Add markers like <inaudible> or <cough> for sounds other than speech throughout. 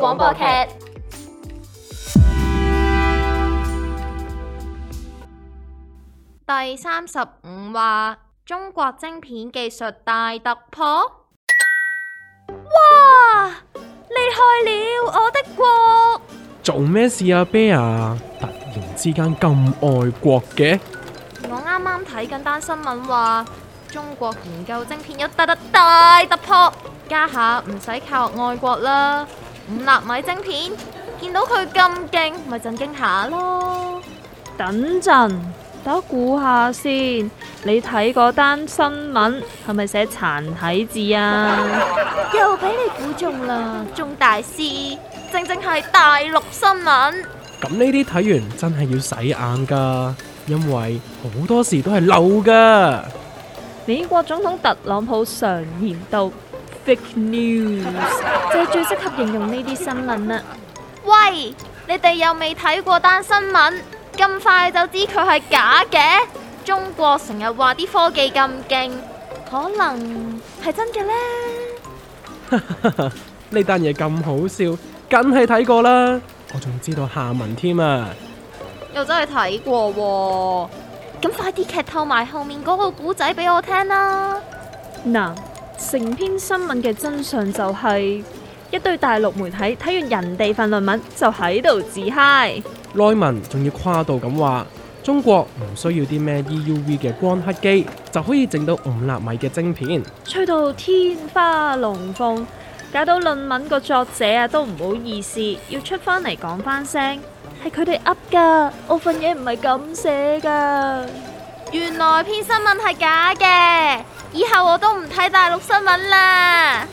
廣播劇第三十五話：中國晶片技術大突破！哇，厲害了，我的國！做咩事啊，啤牙？突然之間咁愛國嘅？我啱啱睇緊單新聞話，中國研究晶片有大大大突破，家下唔使靠外國啦。五納米晶片，見到佢咁勁，咪震驚下咯。等陣，大家估下先。你睇嗰單新聞係咪寫殘體字啊？又俾你估中啦，鍾大師，正正係大陸新聞。咁呢啲睇完真係要洗眼噶，因為好多時都係漏噶。美國總統特朗普常言道，Fake news 就最適合形容呢啲新聞啦。喂，你哋又未睇過單新聞，咁快就知佢係假嘅？中國成日話啲科技咁勁，可能係真嘅咧？呢單嘢咁好笑，梗係睇過啦。我仲知道下文添啊，又真係睇過喎。咁快啲劇透埋後面嗰個古仔俾我聽啦。嗱。Nah. 成篇新聞嘅真相就係一堆大陸媒體睇完人哋份論文就喺度自嗨，內文仲要誇度咁話中國唔需要啲咩 EUV 嘅光刻機就可以整到五納米嘅晶片，吹到天花龍鳳，搞到論文個作者啊都唔好意思要出翻嚟講翻聲，係佢哋噏噶，我份嘢唔係咁寫噶，原來篇新聞係假嘅。以後我都唔睇大陸新聞啦。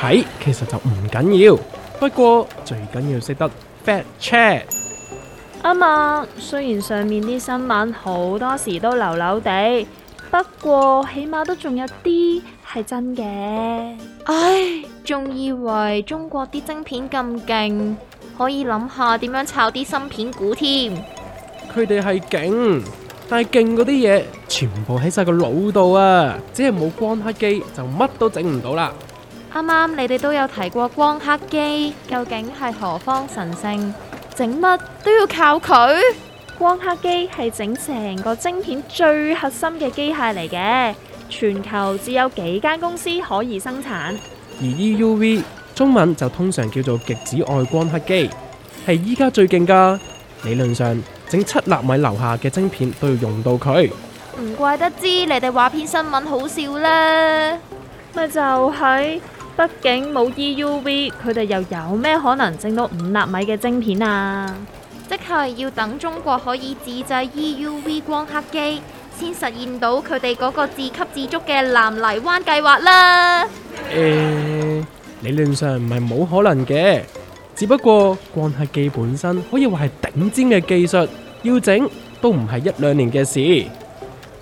睇其實就唔緊要，要，不過最緊要識得 fact check。啊嘛，雖然上面啲新聞好多時都流流地，不過起碼都仲有啲係真嘅。唉，仲以為中國啲晶片咁勁，可以諗下點樣炒啲芯片股添。佢哋係勁。但係勁嗰啲嘢全部喺晒個腦度啊！只係冇光刻機就乜都整唔到啦。啱啱你哋都有提過光刻機，究竟係何方神聖？整乜都要靠佢。光刻機係整成個晶片最核心嘅機械嚟嘅，全球只有幾間公司可以生產。而 EUV 中文就通常叫做極紫外光刻機，係依家最勁㗎。理論上，整七納米留下嘅晶片都要用到佢。唔怪得知你哋話篇新聞好笑啦，咪就係、是，畢竟冇 EUV，佢哋又有咩可能整到五納米嘅晶片啊？即係要等中國可以自製 EUV 光刻機，先實現到佢哋嗰個自給自足嘅南泥灣計劃啦。誒、欸，理論上唔係冇可能嘅。只不過光刻機本身可以話係頂尖嘅技術，要整都唔係一兩年嘅事。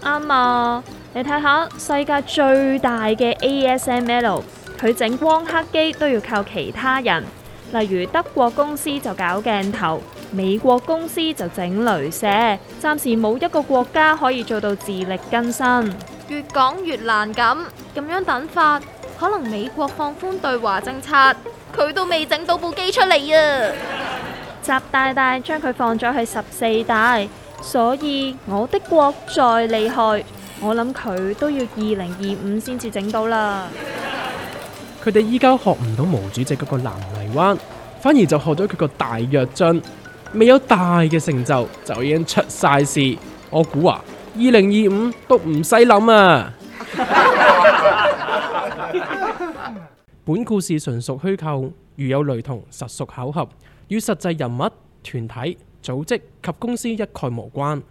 啱啊！你睇下世界最大嘅 ASML，佢整光刻機都要靠其他人，例如德國公司就搞鏡頭，美國公司就整鐳射，暫時冇一個國家可以做到自力更生。越講越難咁，咁樣等法，可能美國放寬對華政策。佢都未整到部機出嚟啊！習大大將佢放咗去十四大，所以我的國再厲害，我諗佢都要二零二五先至整到啦。佢哋依家學唔到毛主席嗰個南泥灣，反而就學咗佢個大躍進，未有大嘅成就就已經出晒事。我估啊，二零二五都唔使諗啊！ <laughs> 本故事純屬虛構，如有雷同，實屬巧合，與實際人物、團體、組織及公司一概無關。